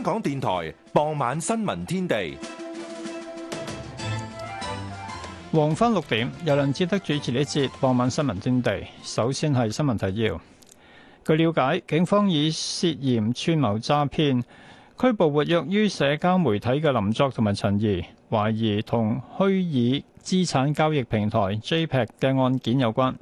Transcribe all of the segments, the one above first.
香港電台傍晚新聞天地，黃昏六點由梁志德主持呢一節傍晚新聞天地。首先係新聞提要。據了解，警方以涉嫌串謀詐騙拘捕活躍於社交媒體嘅林作同埋陳怡，懷疑同虛擬資產交易平台 JPEX 嘅案件有關。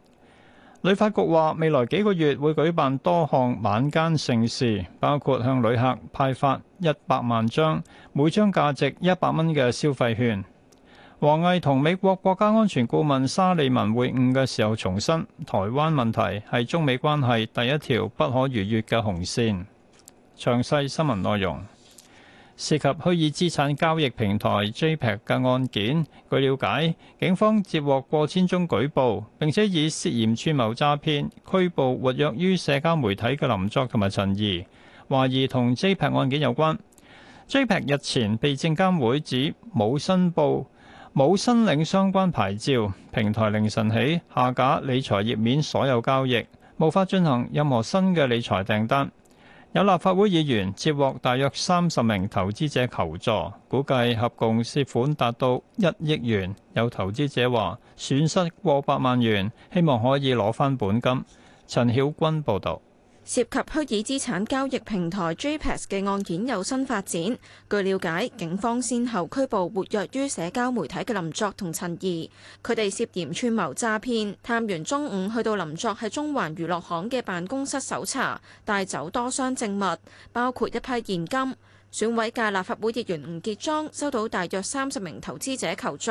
旅發局話未來幾個月會舉辦多項晚間盛事，包括向旅客派發一百萬張每張價值一百蚊嘅消費券。王毅同美國國家安全顧問沙利文會晤嘅時候，重申台灣問題係中美關係第一條不可逾越嘅紅線。詳細新聞內容。涉及虛擬資產交易平台 JPEX 嘅案件，據了解，警方接獲過千宗舉報，並且以涉嫌串謀詐騙拘捕活躍於社交媒體嘅林作同埋陳怡，懷疑同 JPEX 案件有關。JPEX 日前被證監會指冇申報、冇申領相關牌照，平台凌晨起下架理財頁面所有交易，無法進行任何新嘅理財訂單。有立法會議員接獲大約三十名投資者求助，估計合共涉款達到一億元。有投資者話損失過百萬元，希望可以攞返本金。陳曉君報導。涉及虛擬資產交易平台 JPEX 嘅案件有新發展。據了解，警方先後拘捕活躍於社交媒體嘅林作同陳怡，佢哋涉嫌串謀詐騙。探員中午去到林作喺中環娛樂行嘅辦公室搜查，帶走多箱證物，包括一批現金。選委界立法會議員吳傑莊收到大約三十名投資者求助，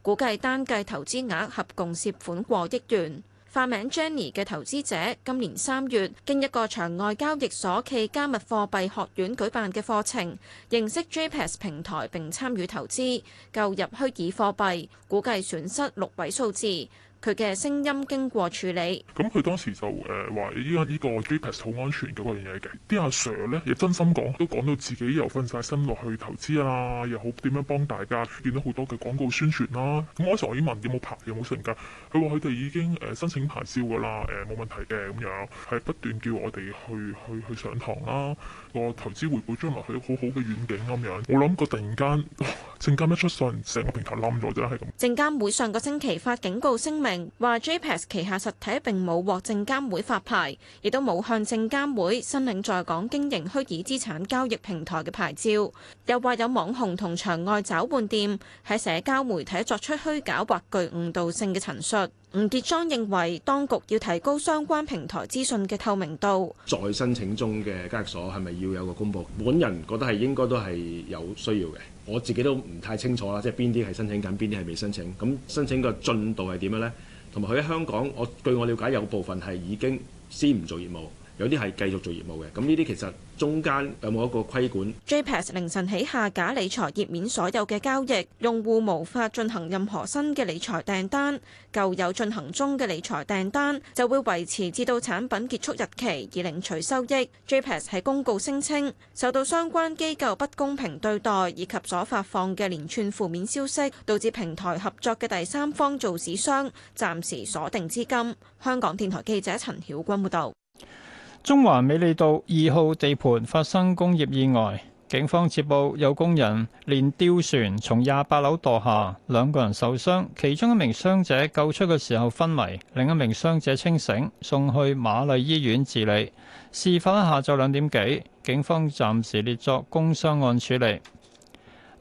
估計單計投資額合共涉款過億元。化名 Jenny 嘅投資者，今年三月經一個場外交易所暨加密貨幣學院舉辦嘅課程認識 JPEX 平台並參與，並參與投資購入虛擬貨幣，估計損失六位數字。佢嘅聲音經過處理，咁佢當時就誒話依家依個 JPEX 好安全嘅嗰樣嘢嘅，啲、啊、阿 Sir 咧亦真心講，都講到自己又瞓晒身落去投資啊，又好點樣幫大家，見到好多嘅廣告宣傳啦。咁嗰時我已經問有冇牌？有冇成噶，佢話佢哋已經誒、呃、申請牌照噶啦，誒、呃、冇問題嘅咁樣，係不斷叫我哋去去去上堂啦。個投資回報將來係好好嘅遠景咁樣，我諗個突然間證監一出信，成個平台冧咗啫，係咁。證監會上個星期發警告聲明，話 JPEX 旗下實體並冇獲證監會發牌，亦都冇向證監會申領在港經營虛擬資產交易平台嘅牌照。又話有網紅同場外找換店喺社交媒體作出虛假或具誤導性嘅陳述。吳傑章認為當局要提高相關平台資訊嘅透明度。在申請中嘅交易所係咪要有個公布？本人覺得係應該都係有需要嘅。我自己都唔太清楚啦，即係邊啲係申請緊，邊啲係未申請。咁申請個進度係點樣呢？同埋佢喺香港，我據我了解有部分係已經先唔做業務。有啲係繼續做業務嘅，咁呢啲其實中間有冇一個規管？JPEX 凌晨起下架理財頁面所有嘅交易，用戶無法進行任何新嘅理財訂單，舊有進行中嘅理財訂單就會維持至到產品結束日期以領取收益。JPEX 喺公告聲稱受到相關機構不公平對待以及所發放嘅連串負面消息，導致平台合作嘅第三方做市商暫時鎖定資金。香港電台記者陳曉君報導。中環美利道二號地盤發生工業意外，警方接報有工人連吊船從廿八樓墮下，兩個人受傷，其中一名傷者救出嘅時候昏迷，另一名傷者清醒，送去瑪麗醫院治理。事發下晝兩點幾，警方暫時列作工傷案處理。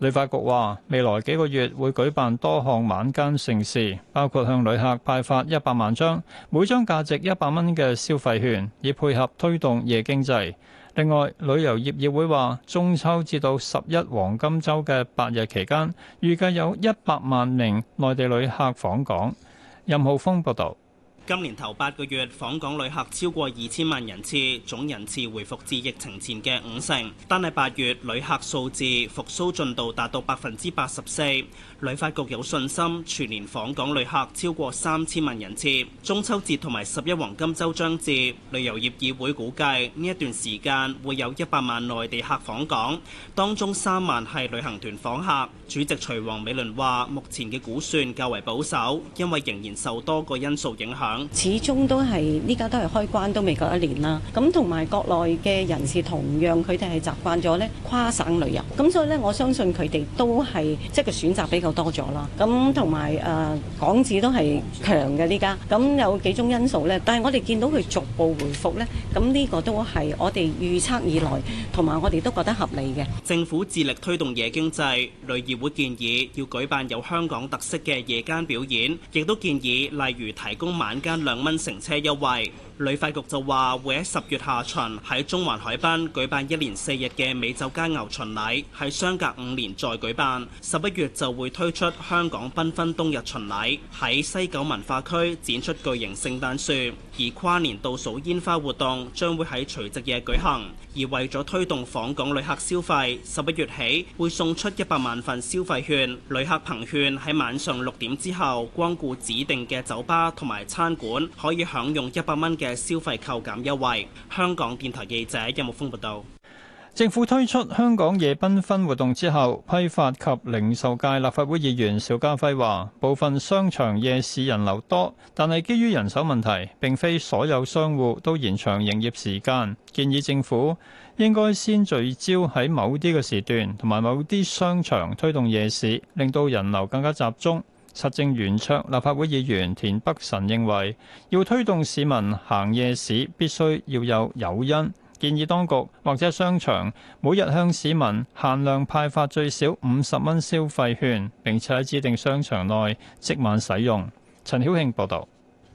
旅發局話未來幾個月會舉辦多項晚間盛事，包括向旅客派發一百萬張每張價值一百蚊嘅消費券，以配合推動夜經濟。另外，旅遊業議會話中秋至到十一黃金周嘅八日期間預計有一百萬名內地旅客訪港。任浩峰報道。今年頭八個月訪港旅客超過二千萬人次，總人次回復至疫情前嘅五成。單係八月旅客數字復蘇進度達到百分之八十四，旅發局有信心全年訪港旅客超過三千萬人次。中秋節同埋十一黃金周將至，旅遊業議會估計呢一段時間會有一百萬內地客訪港，當中三萬係旅行團訪客。主席徐王美倫話：目前嘅估算較為保守，因為仍然受多個因素影響。始終都係，依家都係開關都未夠一年啦。咁同埋國內嘅人士同樣，佢哋係習慣咗呢跨省旅遊。咁所以呢，我相信佢哋都係即係個選擇比較多咗啦。咁同埋誒港紙都係強嘅依家。咁有幾種因素呢，但係我哋見到佢逐步回復呢，咁呢個都係我哋預測以來，同埋我哋都覺得合理嘅。政府致力推動夜經濟，旅議會建議要舉辦有香港特色嘅夜間表演，亦都建議例如提供晚間兩蚊乘車優惠，旅發局就話會喺十月下旬喺中環海濱舉辦一連四日嘅美酒佳肴巡禮，喺相隔五年再舉辦。十一月就會推出香港繽紛冬日巡禮，喺西九文化區展出巨型聖誕樹。而跨年倒數煙花活動將會喺除夕夜舉行，而為咗推動訪港旅客消費，十一月起會送出一百萬份消費券，旅客憑券喺晚上六點之後光顧指定嘅酒吧同埋餐館，可以享用一百蚊嘅消費扣減優惠。香港電台記者任木風報道。政府推出香港夜繽紛活動之後，批發及零售界立法會議員邵家輝話：部分商場夜市人流多，但係基於人手問題，並非所有商戶都延長營業時間。建議政府應該先聚焦喺某啲嘅時段同埋某啲商場推動夜市，令到人流更加集中。實政圓桌立法會議員田北辰認為，要推動市民行夜市，必須要有誘因。建議當局或者商場每日向市民限量派發最少五十蚊消費券，並且喺指定商場內即晚使用。陳曉慶報導。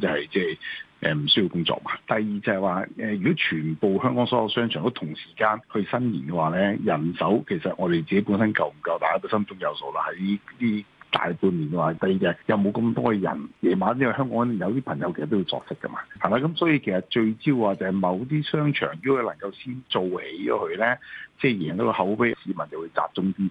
就係即係誒唔需要工作嘛。第二就係話誒，如果全部香港所有商場都同時間去新年嘅話咧，人手其實我哋自己本身夠唔夠，大家都心中有數啦。喺呢大半年嘅話，第二就係又冇咁多人，夜晚因為香港有啲朋友其實都要作息嘅嘛，係啦。咁所以其實聚焦啊，就係某啲商場，如果佢能夠先做起咗佢咧，即係贏到個口碑，市民就會集中啲。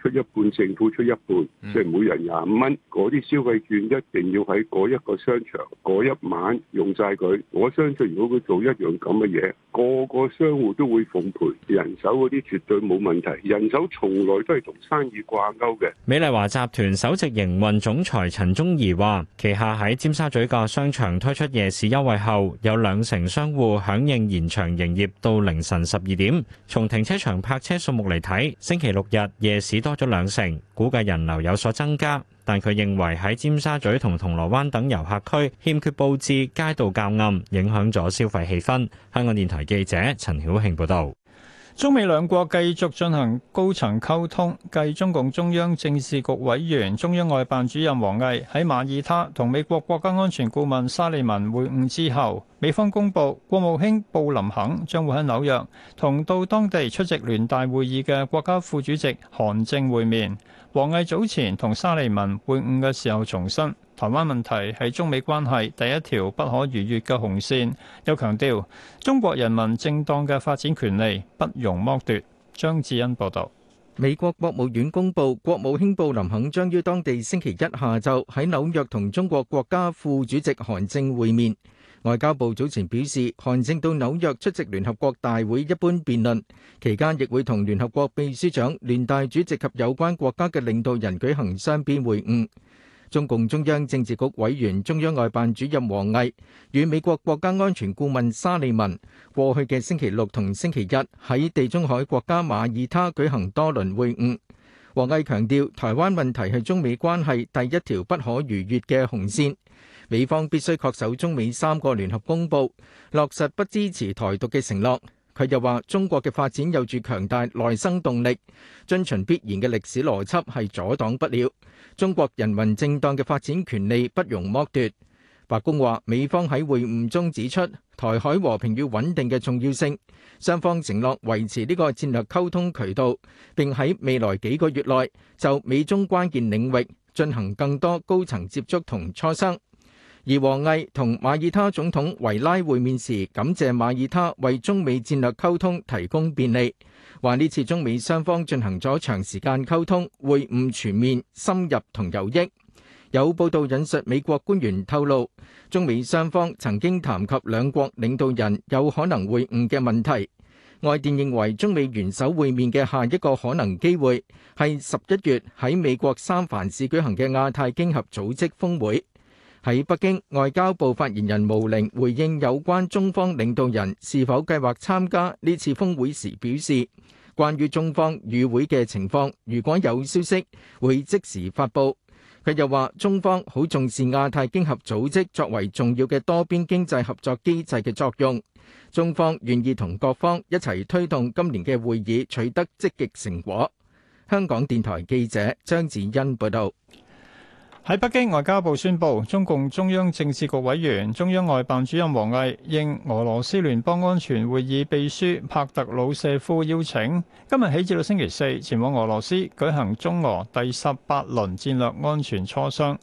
出一半，政府出一半，即係每人廿五蚊。嗰啲消費券一定要喺嗰一個商場嗰一晚用晒佢。我相信如果佢做一樣咁嘅嘢，個個商戶都會奉陪，人手嗰啲絕對冇問題。人手從來都係同生意掛鈎嘅。美麗華集團首席營運總裁陳忠儀話，旗下喺尖沙咀嘅商場推出夜市優惠後，有兩成商戶響應，延長營業到凌晨十二點，從停車場泊車數目嚟睇，星期六日夜市多。咗兩成，估計人流有所增加，但佢認為喺尖沙咀同銅鑼灣等遊客區欠缺佈置，街道較暗，影響咗消費氣氛。香港電台記者陳曉慶報道。中美兩國繼續進行高層溝通。繼中共中央政治局委員、中央外辦主任王毅喺馬爾他同美國國家安全顧問沙利文會晤之後，美方公佈國務卿布林肯將會喺紐約同到當地出席聯大會議嘅國家副主席韓正會面。王毅早前同沙利文會晤嘅時候重申。台灣問題係中美關係第一條不可逾越嘅紅線，又強調中國人民正當嘅發展權利不容剝奪。張志恩報導。美國國務院公布，國務卿布林肯將於當地星期一下晝喺紐約同中國國家副主席韓正會面。外交部早前表示，韓正到紐約出席聯合國大會一般辯論期間，亦會同聯合國秘書長、聯大主席及有關國家嘅領導人舉行雙邊會晤。中共中央政治局委員、中央外辦主任王毅與美國國家安全顧問沙利文過去嘅星期六同星期日喺地中海國家馬耳他舉行多輪會晤。王毅強調，台灣問題係中美關係第一條不可逾越嘅紅線，美方必須恪守中美三個聯合公報，落實不支持台獨嘅承諾。佢又話：中國嘅發展有住強大內生動力，遵循必然嘅歷史邏輯係阻擋不了。中國人民正當嘅發展權利不容剝奪。白宮話，美方喺會晤中指出台海和平與穩定嘅重要性，雙方承諾維持呢個戰略溝通渠道，並喺未來幾個月內就美中關鍵領域進行更多高層接觸同磋商。而王毅同馬耳他總統維拉會面時，感謝馬耳他為中美戰略溝通提供便利，話呢次中美雙方進行咗長時間溝通，會晤全面深入同有益。有報道引述美國官員透露，中美雙方曾經談及兩國領導人有可能會晤嘅問題，外電認為中美元首會面嘅下一個可能機會，係十一月喺美國三藩市舉行嘅亞太經合組織峰會。喺北京，外交部發言人毛寧回應有關中方領導人是否計劃參加呢次峰會時表示，關於中方與會嘅情況，如果有消息，會即時發佈。佢又話中方好重視亞太經合組織作為重要嘅多邊經濟合作機制嘅作用，中方願意同各方一齊推動今年嘅會議取得積極成果。香港電台記者張子欣報道。喺北京外交部宣布，中共中央政治局委員、中央外辦主任王毅應俄羅斯聯邦安全會議秘書帕特魯舍夫邀請，今日起至到星期四前往俄羅斯舉行中俄第十八輪戰略安全磋商。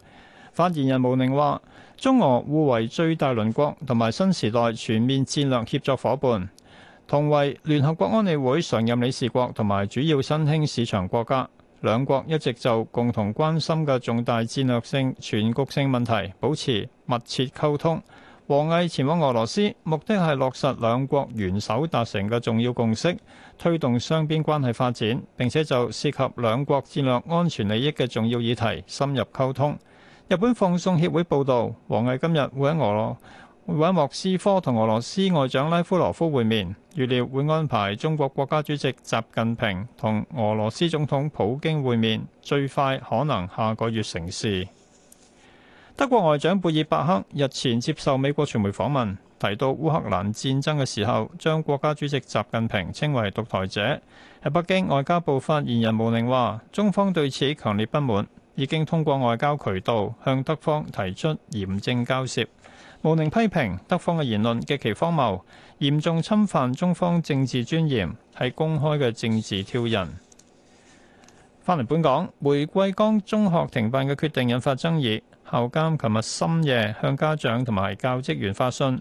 發言人毛寧話：中俄互為最大鄰國同埋新時代全面戰略協作夥伴，同為聯合國安理會常任理事國同埋主要新興市場國家。兩國一直就共同關心嘅重大戰略性、全局性問題保持密切溝通。王毅前往俄羅斯，目的係落實兩國元首達成嘅重要共識，推動雙邊關係發展，並且就涉及兩國戰略安全利益嘅重要議題深入溝通。日本放送協會報導，王毅今日會喺俄羅。會喺莫斯科同俄羅斯外長拉夫羅夫會面，預料會安排中國國家主席習近平同俄羅斯總統普京會面，最快可能下個月成事。德國外長貝爾伯克日前接受美國傳媒訪問，提到烏克蘭戰爭嘅時候，將國家主席習近平稱為獨裁者。喺北京外交部發言人毛寧話，中方對此強烈不滿，已經通過外交渠道向德方提出嚴正交涉。無寧批評德方嘅言論極其荒謬，嚴重侵犯中方政治尊嚴，係公開嘅政治挑釁。返嚟本港，玫瑰崗中學停辦嘅決定引發爭議。校監琴日深夜向家長同埋教職員發信，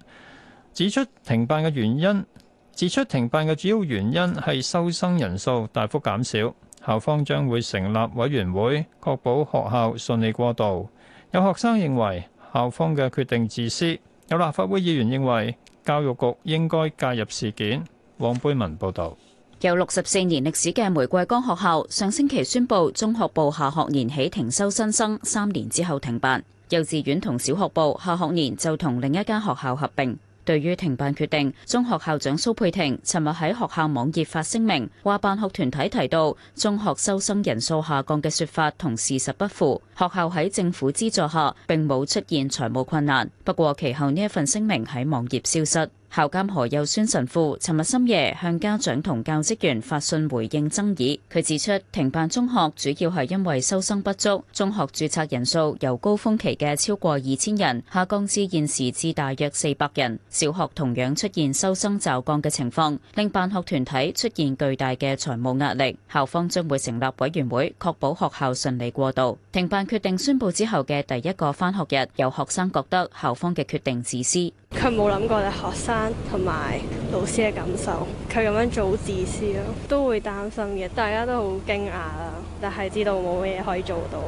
指出停辦嘅原因，指出停辦嘅主要原因係收生人數大幅減少。校方將會成立委員會，確保學校順利過渡。有學生認為，校方嘅決定自私，有立法會議員認為教育局應該介入事件。黃貝文報導，有六十四年歷史嘅玫瑰崗學校上星期宣布，中學部下學年起停收新生，三年之後停辦；幼稚園同小學部下學年就同另一間學校合併。對於停辦決定，中學校長蘇佩婷尋日喺學校網頁發聲明，話辦學團體提到中學收生人數下降嘅説法同事實不符，學校喺政府資助下並冇出現財務困難。不過其後呢一份聲明喺網頁消失。校監何佑宣神父尋日深夜向家長同教職員發信回應爭議。佢指出，停辦中學主要係因為收生不足，中學註冊人數由高峰期嘅超過二千人下降至現時至大約四百人。小學同樣出現收生驟降嘅情況，令辦學團體出現巨大嘅財務壓力。校方將會成立委員會，確保學校順利過渡。停辦決定宣布之後嘅第一個返學日，有學生覺得校方嘅決定自私。佢冇諗過咧學生同埋老師嘅感受，佢咁樣做自私咯。都會擔心嘅，大家都好驚訝啦，但係知道冇咩嘢可以做到。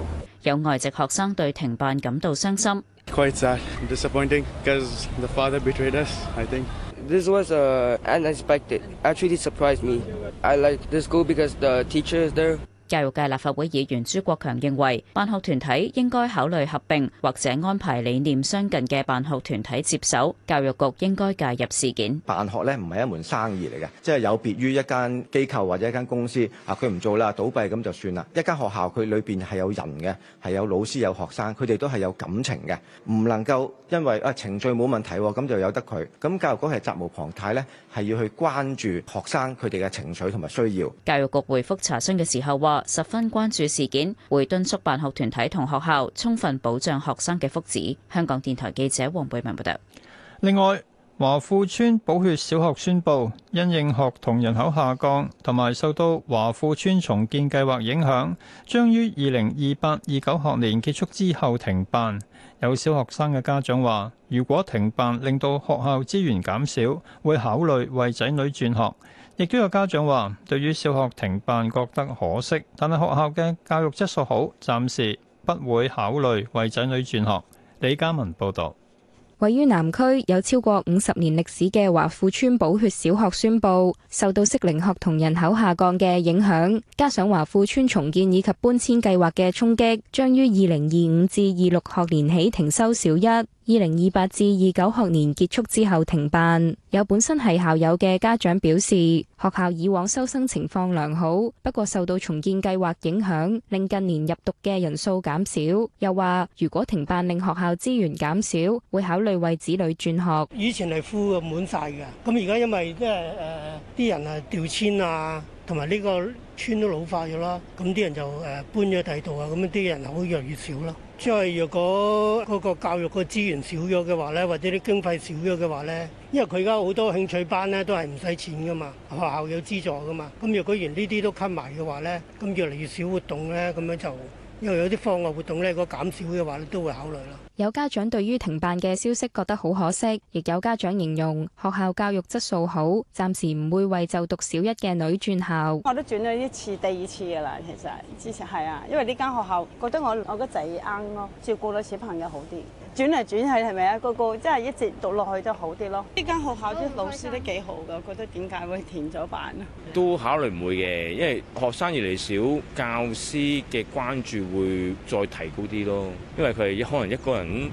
有外籍學生對停辦感到傷心 Quite sad. 教育界立法會議員朱國強認為，辦學團體應該考慮合併，或者安排理念相近嘅辦學團體接手。教育局應該介入事件。辦學呢唔係一門生意嚟嘅，即係有別於一間機構或者一間公司啊，佢唔做啦，倒閉咁就算啦。一間學校佢裏邊係有人嘅，係有老師有學生，佢哋都係有感情嘅，唔能夠因為啊程序冇問題咁就有得佢。咁教育局係責無旁貸呢，係要去關注學生佢哋嘅情緒同埋需要。教育局回覆查詢嘅時候話，十分關注事件，會敦促辦學團體同學校充分保障學生嘅福祉。香港電台記者黃貝文報道。另外，華富邨寶血小學宣布，因應學童人口下降，同埋受到華富邨重建計劃影響，將於二零二八、二九學年結束之後停辦。有小學生嘅家長話，如果停辦令到學校資源減少，會考慮為仔女轉學。亦都有家長話，對於小學停辦覺得可惜，但係學校嘅教育質素好，暫時不會考慮為仔女轉學。李嘉文報導。位於南區有超過五十年歷史嘅華富村寶血小學宣布，受到適齡學童人口下降嘅影響，加上華富村重建以及搬遷計劃嘅衝擊，將於二零二五至二六學年起停收小一，二零二八至二九學年結束之後停辦，有本身係校友嘅家長表示，學校以往收生情況良好，不過受到重建計劃影響，令近年入讀嘅人數減少。又話如果停辦令學校資源減少，會考慮為子女轉學。以前係敷咁滿晒嘅，咁而家因為即係誒啲人啊調遷啊，同埋呢個村都老化咗啦，咁啲人就誒搬咗第度啊，咁啲人好越嚟越少咯。即係如果嗰個教育個資源少咗嘅話咧，或者啲經費少咗嘅話咧，因為佢而家好多興趣班咧都係唔使錢噶嘛，學校有資助噶嘛，咁如果連呢啲都吸埋嘅話咧，咁越嚟越少活動咧，咁樣就因為有啲課外活動咧個減少嘅話，都會考慮咯。有家長對於停辦嘅消息覺得好可惜，亦有家長形容學校教育質素好，暫時唔會為就讀小一嘅女轉校。我都轉咗一次，第二次噶啦，其實之前係啊，因為呢間學校覺得我我個仔啱咯，照顧到小朋友好啲。轉嚟轉去係咪啊？嗰個即係一直讀落去就好啲咯。呢間學校啲老師都幾好噶，覺得點解會停咗辦啊？都考慮唔會嘅，因為學生越嚟越少，教師嘅關注會再提高啲咯。因為佢係可能一個人。咁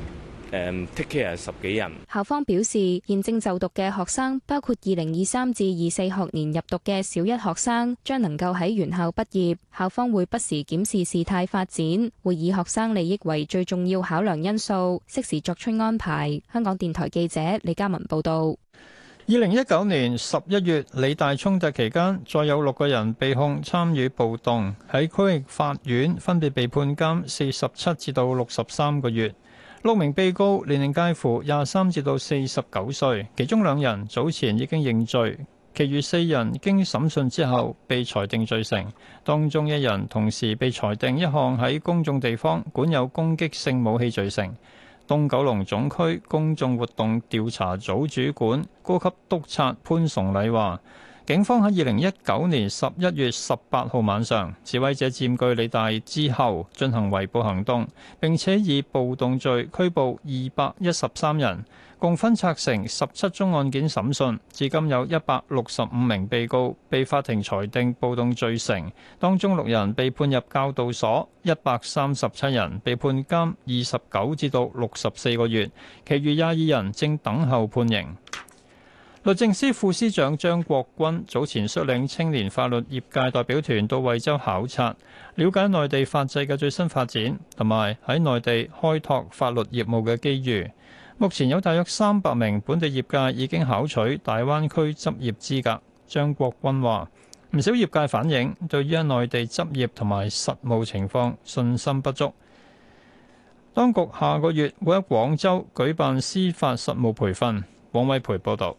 誒，take care 十幾人。校方表示，現正就讀嘅學生，包括二零二三至二四學年入讀嘅小一學生，將能夠喺原校畢業。校方會不時檢視事態發展，會以學生利益為最重要考量因素，適時作出安排。香港電台記者李嘉文報道。二零一九年十一月，理大衝突期間，再有六個人被控參與暴動，喺區域法院分別被判監四十七至到六十三個月。六名被告年齡介乎廿三至到四十九歲，其中兩人早前已經認罪，其餘四人經審訊之後被裁定罪成，當中一人同時被裁定一項喺公眾地方管有攻擊性武器罪成。東九龍總區公眾活動調查組主管、高級督察潘崇禮話。警方喺二零一九年十一月十八號晚上，示威者佔據理大之後進行圍捕行動，並且以暴動罪拘捕二百一十三人，共分拆成十七宗案件審訊。至今有一百六十五名被告被法庭裁定暴動罪成，當中六人被判入教導所，一百三十七人被判監二十九至到六十四個月，其餘廿二人正等候判刑。律政司副司長張國軍早前率領青年法律業界代表團到惠州考察，了解內地法制嘅最新發展，同埋喺內地開拓法律業務嘅機遇。目前有大約三百名本地業界已經考取大灣區執業資格。張國軍話：唔少業界反映，對於內地執業同埋實務情況信心不足。當局下個月會喺廣州舉辦司法實務培訓。王偉培報道。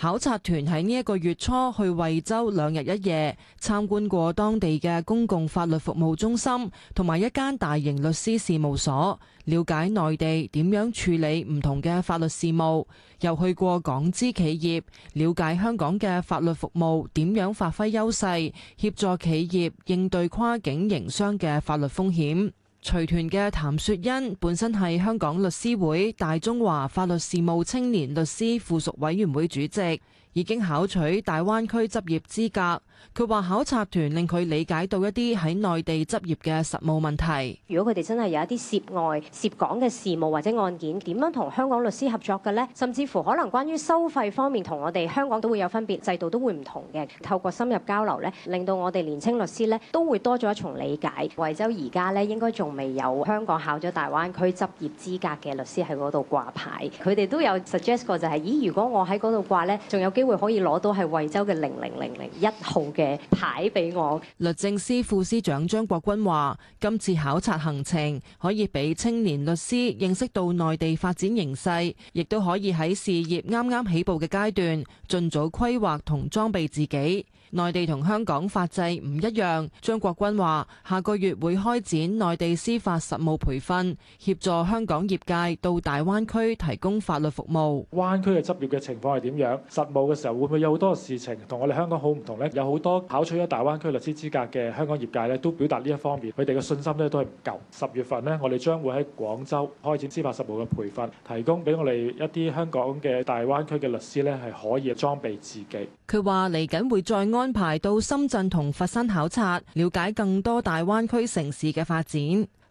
考察團喺呢一個月初去惠州兩日一夜，參觀過當地嘅公共法律服務中心同埋一間大型律師事務所，了解內地點樣處理唔同嘅法律事務。又去過港資企業，了解香港嘅法律服務點樣發揮優勢，協助企業應對跨境營商嘅法律風險。隨團嘅譚雪欣本身係香港律師會大中華法律事務青年律師附屬委員會主席，已經考取大灣區執業資格。佢話考察團令佢理解到一啲喺內地執業嘅實務問題。如果佢哋真係有一啲涉外涉港嘅事務或者案件，點樣同香港律師合作嘅呢？甚至乎可能關於收費方面同我哋香港都會有分別，制度都會唔同嘅。透過深入交流呢，令到我哋年青律師呢都會多咗一重理解。惠州而家呢，應該仲未有香港考咗大灣區執業資格嘅律師喺嗰度掛牌，佢哋都有 suggest 過就係：咦，如果我喺嗰度掛呢，仲有機會可以攞到係惠州嘅零零零零一號嘅牌俾我，律政司副司長張國鈞話：今次考察行程可以俾青年律師認識到內地發展形勢，亦都可以喺事業啱啱起步嘅階段，盡早規劃同裝備自己。內地同香港法制唔一樣，張國軍話：下個月會開展內地司法實務培訓，協助香港業界到大灣區提供法律服務。灣區嘅執業嘅情況係點樣？實務嘅時候會唔會有好多事情同我哋香港好唔同呢？有好多考取咗大灣區律師資格嘅香港業界呢，都表達呢一方面佢哋嘅信心呢都係唔夠。十月份呢，我哋將會喺廣州開展司法實務嘅培訓，提供俾我哋一啲香港嘅大灣區嘅律師呢係可以裝備自己。佢話：嚟緊會再安。安排到深圳同佛山考察，了解更多大灣區城市嘅發展。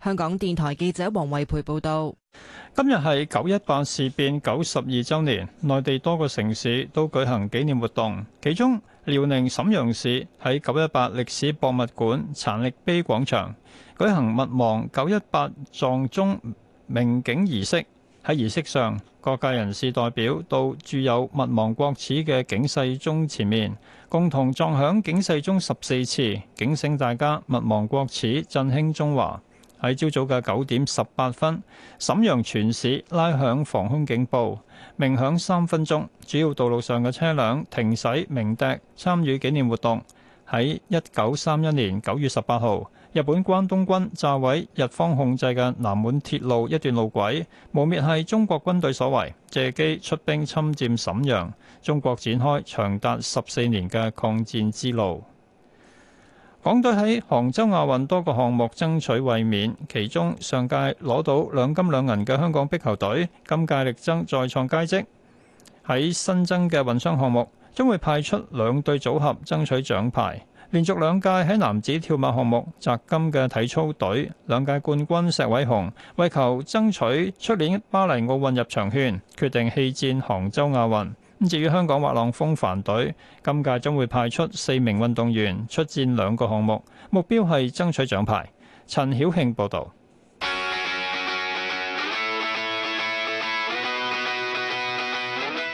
香港電台記者黃慧培報道。今日係九一八事變九十二周年，內地多個城市都舉行紀念活動。其中，遼寧瀋陽市喺九一八歷史博物館殘曆碑廣場舉行勿忘九一八撞鐘鳴警儀式。喺儀式上，各界人士代表到駐有勿忘國恥嘅警世鐘前面，共同撞響警世鐘十四次，警醒大家勿忘國恥，振興中華。喺朝早嘅九點十八分，瀋陽全市拉響防空警報，鳴響三分鐘，主要道路上嘅車輛停駛，鳴笛，參與紀念活動。喺一九三一年九月十八號，日本關東軍炸毀日方控制嘅南滿鐵路一段路軌，污蔑係中國軍隊所為，借機出兵侵佔瀋陽。中國展開長達十四年嘅抗戰之路。港隊喺杭州亞運多個項目爭取衛冕，其中上屆攞到兩金兩銀嘅香港壁球隊，今屆力爭再創佳績。喺新增嘅混雙項目，將會派出兩隊組合爭取獎牌。連續兩屆喺男子跳馬項目摘金嘅體操隊兩屆冠軍石偉雄，為求爭取出年巴黎奧運入場券，決定棄戰杭州亞運。咁至於香港滑浪風帆隊，今屆將會派出四名運動員出戰兩個項目，目標係爭取獎牌。陳曉慶報道。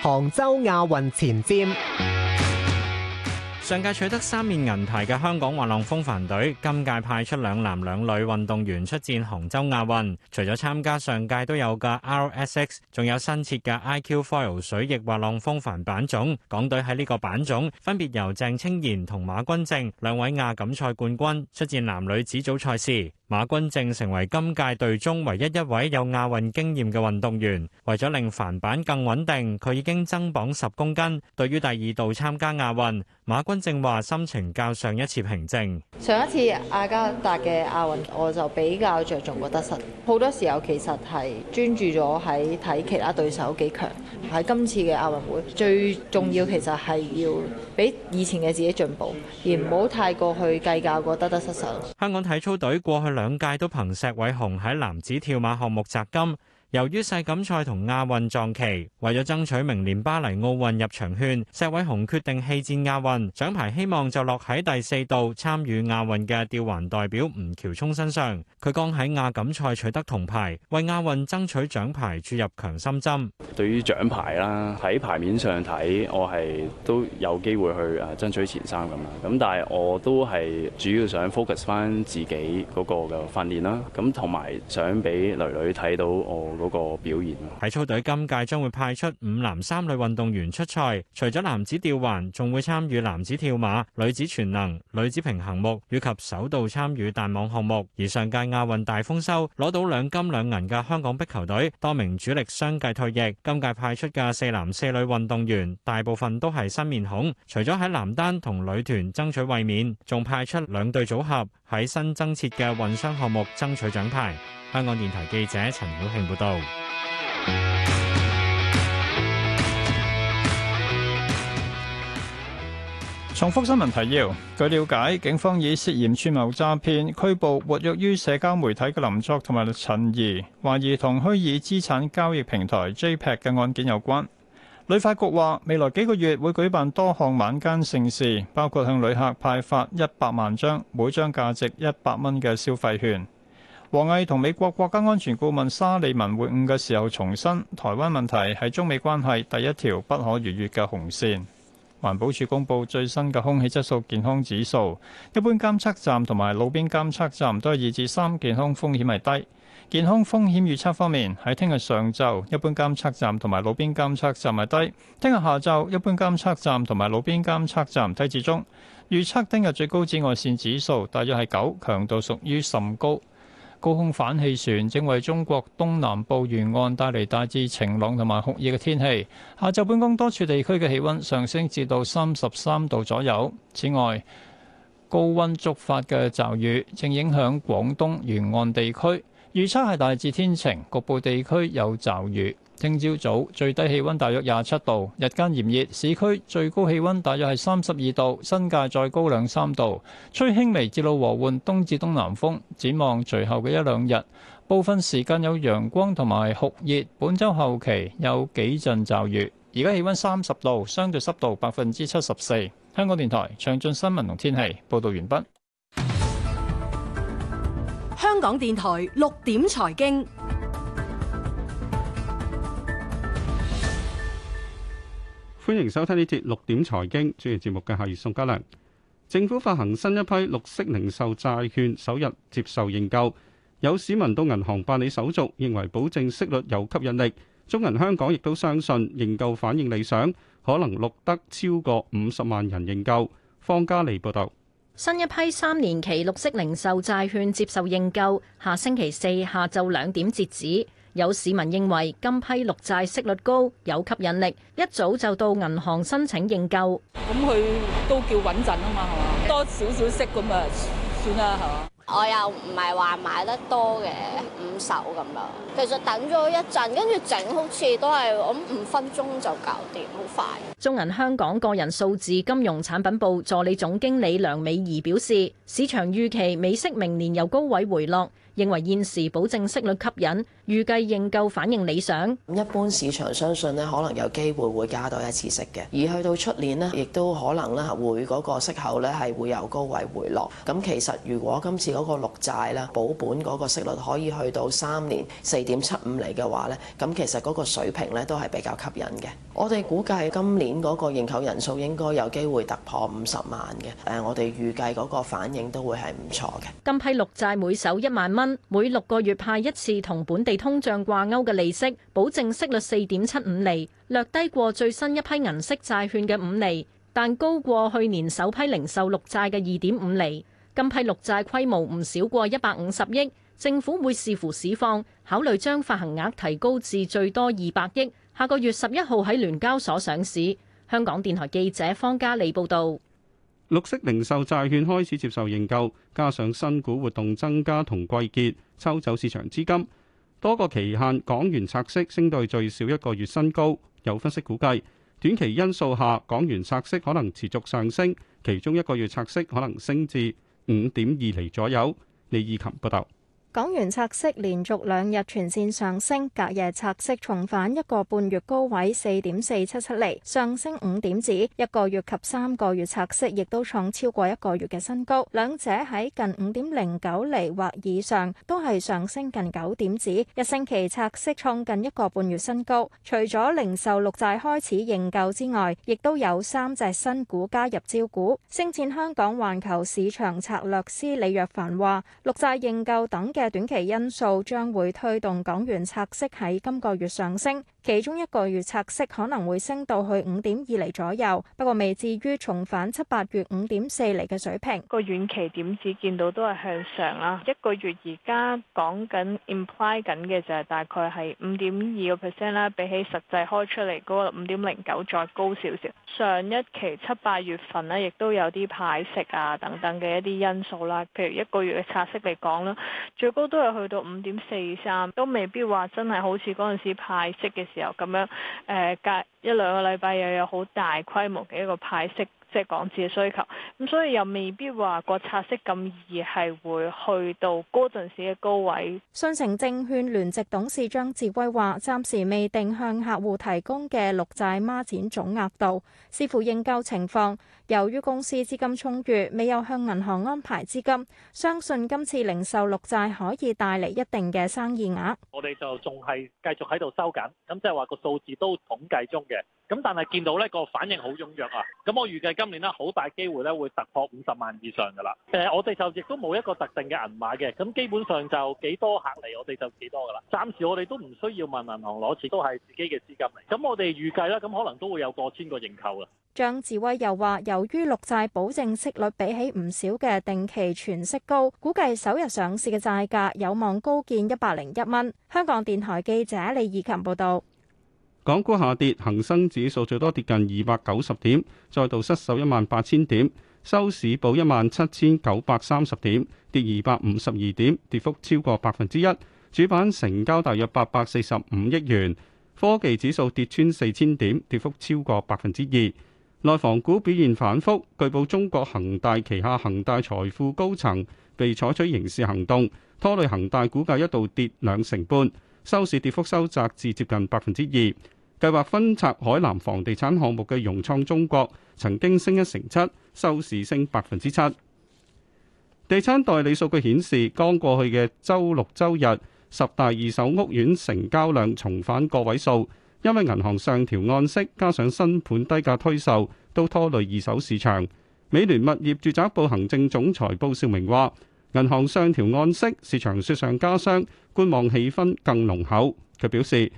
杭州亞運前瞻。上屆取得三面銀牌嘅香港滑浪風帆隊，今屆派出兩男兩女運動員出戰杭州亞運。除咗參加上屆都有嘅 RSX，仲有新設嘅 IQfoil 水翼滑浪風帆板種。港隊喺呢個板種分別由鄭清賢同馬君正兩位亞錦賽冠軍出戰男女子組賽事。馬君正成為今屆隊中唯一一位有亞運經驗嘅運動員，為咗令帆板更穩定，佢已經增磅十公斤。對於第二度參加亞運，馬君正話心情較上一次平靜。上一次雅加達嘅亞運我就比較着重個得失，好多時候其實係專注咗喺睇其他對手幾強。喺今次嘅亞運會，最重要其實係要比以前嘅自己進步，而唔好太過去計較個得得失失。香港體操隊過去。兩屆都憑石偉雄喺男子跳馬項目摘金。由於世錦賽同亞運撞期，為咗爭取明年巴黎奧運入場券，石偉雄決定棄戰亞運，獎牌希望就落喺第四度參與亞運嘅吊環代表吳橋聰身上。佢剛喺亞錦賽取得銅牌，為亞運爭取獎牌注入強心針。對於獎牌啦，喺牌面上睇，我係都有機會去誒爭取前三咁啦。咁但係我都係主要想 focus 翻自己嗰個嘅訓練啦。咁同埋想俾女女睇到我嗰個表現。體操隊今屆將會派出五男三女運動員出賽，除咗男子吊環，仲會參與男子跳馬、女子全能、女子平衡木以及首度參與彈網項目。而上屆亞運大豐收，攞到兩金兩銀嘅香港壁球隊多名主力相繼退役，今屆派出嘅四男四女運動員大部分都係新面孔，除咗喺男單同女團爭取衛冕，仲派出兩隊組合喺新增設嘅混雙項目爭取獎牌。香港電台記者陳曉慶報道。重複新聞提要：據了解，警方以涉嫌串謀詐騙拘捕活躍於社交媒體嘅林作同埋陳怡，懷疑同虛擬資產交易平台 JPEX 嘅案件有關。旅發局話，未來幾個月會舉辦多項晚間盛事，包括向旅客派發一百萬張每張價值一百蚊嘅消費券。王毅同美國國家安全顧問沙利文會晤嘅時候，重申台灣問題係中美關係第一條不可逾越嘅紅線。環保署公布最新嘅空氣質素健康指數，一般監測站同埋路邊監測站都係二至三，健康風險係低。健康風險預測方面，喺聽日上晝，一般監測站同埋路邊監測站係低；聽日下晝，一般監測站同埋路邊監測站低至中。預測聽日最高紫外線指數大約係九，強度屬於甚高。高空反氣旋正為中國東南部沿岸帶嚟大致晴朗同埋酷熱嘅天氣。下晝本港多處地區嘅氣温上升至到三十三度左右。此外，高温觸發嘅驟雨正影響廣東沿岸地區，預測係大致天晴，局部地區有驟雨。聽朝早，早最低氣溫大約廿七度，日間炎熱，市區最高氣溫大約係三十二度，新界再高兩三度，吹輕微至到和緩東至東南風。展望隨後嘅一兩日，部分時間有陽光同埋酷熱。本周後期有幾陣驟雨。而家氣溫三十度，相對濕度百分之七十四。香港電台詳盡新聞同天氣報道完畢。香港電台六點財經。歡迎收聽呢節六點財經，主持節目嘅係宋嘉良。政府發行新一批綠色零售債券，首日接受認購，有市民到銀行辦理手續，認為保證息率有吸引力。中銀香港亦都相信認購反應理想，可能錄得超過五十萬人認購。方嘉莉報導，新一批三年期綠色零售債券接受認購，下星期四下晝兩點截止。有市民認為今批綠債息率高，有吸引力，一早就到銀行申請認購。咁佢都叫穩陣啊嘛，係嘛，多少少息咁啊，算啦，係嘛。我又唔係話買得多嘅五手咁咯。其實等咗一陣，跟住整好似都係我諗五分鐘就搞掂，好快。中銀香港個人數字金融產品部助理總經理梁美儀表示，市場預期美息明年由高位回落，認為現時保證息率吸引。預計認購反應理想，一般市場相信咧，可能有機會會加多一次息嘅。而去到出年咧，亦都可能咧，會嗰個息口咧係會由高位回落。咁其實如果今次嗰個綠債咧保本嗰個息率可以去到三年四點七五釐嘅話呢，咁其實嗰個水平咧都係比較吸引嘅。我哋估計今年嗰個認購人數應該有機會突破五十萬嘅。誒，我哋預計嗰個反應都會係唔錯嘅。今批綠債每手一萬蚊，每六個月派一次同本地通脹掛鈎嘅利息保證息率四點七五厘，略低過最新一批銀色債券嘅五厘，但高過去年首批零售綠債嘅二點五厘。近批綠債規模唔少過一百五十億，政府會視乎市況考慮將發行額提高至最多二百億。下個月十一號喺聯交所上市。香港電台記者方嘉利報道，綠色零售債券開始接受認購，加上新股活動增加同季結抽走市場資金。多個期限港元拆息升到最少一個月新高，有分析估計短期因素下港元拆息可能持續上升，其中一個月拆息可能升至五點二厘左右。李意琴報導。港元拆息連續兩日全線上升，隔夜拆息重返一個半月高位四點四七七厘，上升五點子，一個月及三個月拆息亦都創超過一個月嘅新高，兩者喺近五點零九厘或以上，都係上升近九點子，一星期拆息創近一個半月新高。除咗零售綠債開始認購之外，亦都有三隻新股加入招股。星展香港環球市場策略師李若凡話：綠債認購等嘅。嘅短期因素將會推動港元拆息喺今個月上升，其中一個月拆息可能會升到去五點二厘左右，不過未至於重返七八月五點四厘嘅水平。個遠期點子見到都係向上啦，一個月而家講緊 imply 緊嘅就係大概係五點二個 percent 啦，比起實際開出嚟嗰個五點零九再高少少。上一期七八月份呢，亦都有啲派息啊等等嘅一啲因素啦，譬如一個月嘅拆息嚟講啦，最高都係去到五點四三，都未必話真係好似嗰陣時派息嘅時候咁樣，誒、呃、隔一兩個禮拜又有好大規模嘅一個派息。即係港紙嘅需求，咁所以又未必話個拆息咁易係會去到嗰陣時嘅高位。信誠證券聯席董事張志威話，暫時未定向客戶提供嘅綠債孖展總額度，視乎應救情況，由於公司資金充裕，未有向銀行安排資金，相信今次零售綠債可以帶嚟一定嘅生意額，我哋就仲係繼續喺度收緊，咁即係話個數字都統計中嘅。咁但係見到呢個反應好踴躍啊！咁我預計今年呢，好大機會呢會突破五十萬以上㗎啦。誒、呃，我哋就亦都冇一個特定嘅銀碼嘅，咁基本上就幾多客嚟，我哋就幾多㗎啦。暫時我哋都唔需要問銀行攞錢，都係自己嘅資金嚟。咁我哋預計啦，咁可能都會有過千個認購啊。張志威又話，由於綠債保證息率比起唔少嘅定期存息高，估計首日上市嘅債價有望高見一百零一蚊。香港電台記者李以琴報道。港股下跌，恒生指數最多跌近二百九十點，再度失守一萬八千點，收市報一萬七千九百三十點，跌二百五十二點，跌幅超過百分之一。主板成交大約八百四十五億元。科技指數跌穿四千點，跌幅超過百分之二。內房股表現反覆，據報中國恒大旗下恒大財富高層被採取刑事行動，拖累恒大股價一度跌兩成半，收市跌幅收窄至接近百分之二。計劃分拆海南房地產項目嘅融創中國，曾經升一成七，收市升百分之七。地產代理數據顯示，剛過去嘅周六、周日，十大二手屋苑成交量重返個位數，因為銀行上調按息，加上新盤低價推售，都拖累二手市場。美聯物業住宅部行政總裁布少明話，銀行上調按息，市場雪上加霜，觀望氣氛更濃厚。佢表示：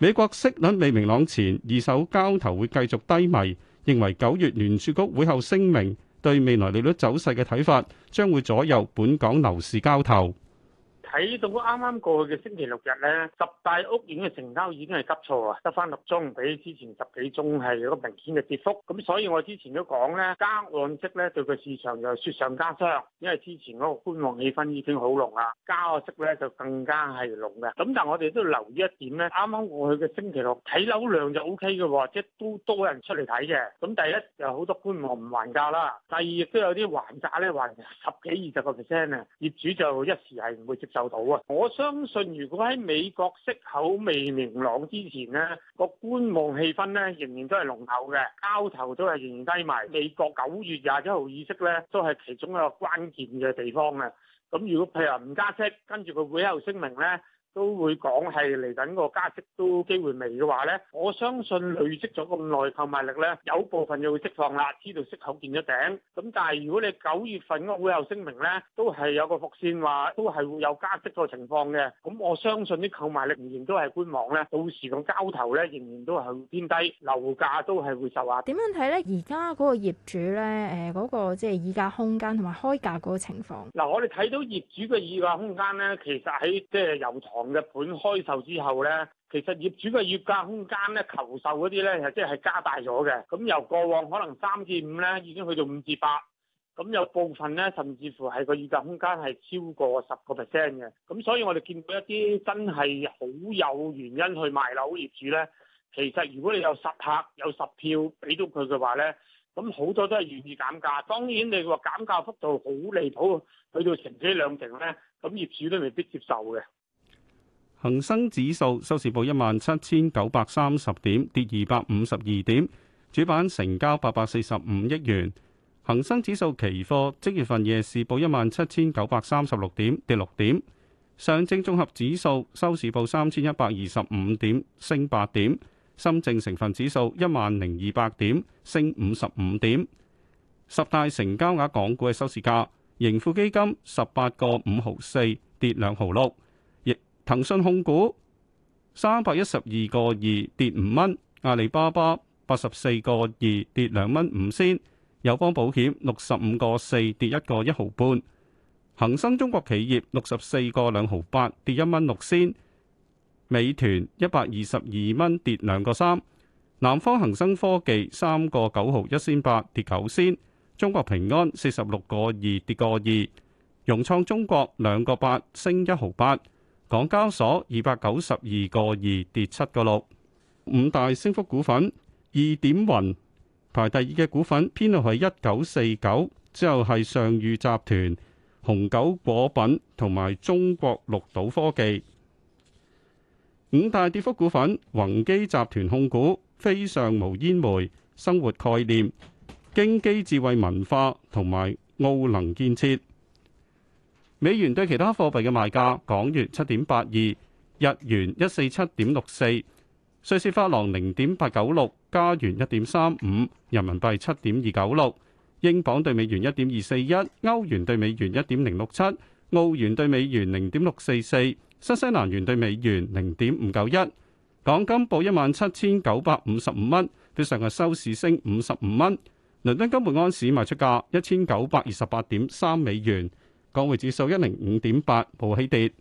美國息率未明朗前，二手交投會繼續低迷。認為九月聯儲局會後聲明對未來利率走勢嘅睇法，將會左右本港樓市交投。睇到啱啱過去嘅星期六日咧，十大屋苑嘅成交已經係急挫啊，得翻六宗，比之前十幾宗係有個明顯嘅跌幅。咁所以我之前都講咧，加按息咧對個市場就雪上加霜，因為之前嗰個觀望氣氛已經好濃啦，加按息咧就更加係濃嘅。咁但係我哋都留意一點咧，啱啱過去嘅星期六睇樓量就 O K 嘅喎，即係都多人出嚟睇嘅。咁第一就好多觀望唔還價啦，第二亦都有啲還價咧還十幾二十個 percent 啊，業主就一時係唔會接受。受到啊！我相信如果喺美國息口未明朗之前咧，個觀望氣氛咧仍然都係濃厚嘅，交投都係仍然低埋。美國九月廿一號議息咧都係其中一個關鍵嘅地方嘅。咁如果譬如話唔加息，跟住佢會喺度聲明呢。都會講係嚟緊個加息都機會微嘅話咧，我相信累積咗咁耐購買力咧，有部分就會釋放啦。知道息口見咗頂，咁但係如果你九月份嗰個會後聲明咧，都係有個伏線話，都係會有加息個情況嘅。咁我相信啲購買力仍然都係觀望咧，到時個交投咧仍然都係會偏低，樓價都係會受壓。點樣睇咧？而家嗰個業主咧，誒、那、嗰個即係議價空間同埋開價嗰個情況。嗱，我哋睇到業主嘅議價空間咧，其實喺即係油塘。嘅盤開售之後咧，其實業主嘅議價空間咧，求售嗰啲咧係即係加大咗嘅。咁由過往可能三至五咧，已經去到五至八。咁有部分咧，甚至乎係個議價空間係超過十個 percent 嘅。咁所以我哋見到一啲真係好有原因去賣樓業主咧，其實如果你有十客有十票俾到佢嘅話咧，咁好多都係願意減價。當然你話減價幅度好離譜，去到成幾兩成咧，咁業主都未必接受嘅。恒生指數收市報一萬七千九百三十點，跌二百五十二點，主板成交八百四十五億元。恒生指數期貨即月份夜市報一萬七千九百三十六點，跌六點。上證綜合指數收市報三千一百二十五點，升八點。深證成分指數一萬零二百點，升五十五點。十大成交額港股嘅收市價，盈富基金十八個五毫四，跌兩毫六。騰訊控股三百一十二個二跌五蚊，阿里巴巴八十四個二跌兩蚊五仙，友邦保險六十五個四跌一個一毫半，恒生中國企業六十四個兩毫八跌一蚊六仙，美團一百二十二蚊跌兩個三，南方恒生科技三個九毫一仙八跌九仙，中國平安四十六個二跌個二，融創中國兩個八升一毫八。港交所二百九十二個二跌七個六，五大升幅股份二點云排第二嘅股份，編號係一九四九，之後係上裕集團、紅九果品同埋中國綠島科技。五大跌幅股份，宏基集團控股、飛尚無煙煤、生活概念、京基智慧文化同埋奧能建設。美元對其他貨幣嘅賣價，港元七點八二，日元一四七點六四，瑞士法郎零點八九六，加元一點三五，人民幣七點二九六，英鎊對美元一點二四一，歐元對美元一點零六七，澳元對美元零點六四四，新西蘭元對美元零點五九一。港金報一萬七千九百五十五蚊，比上日收市升五十五蚊。倫敦金本安市賣出價一千九百二十八點三美元。港匯指數一零五點八，無起跌。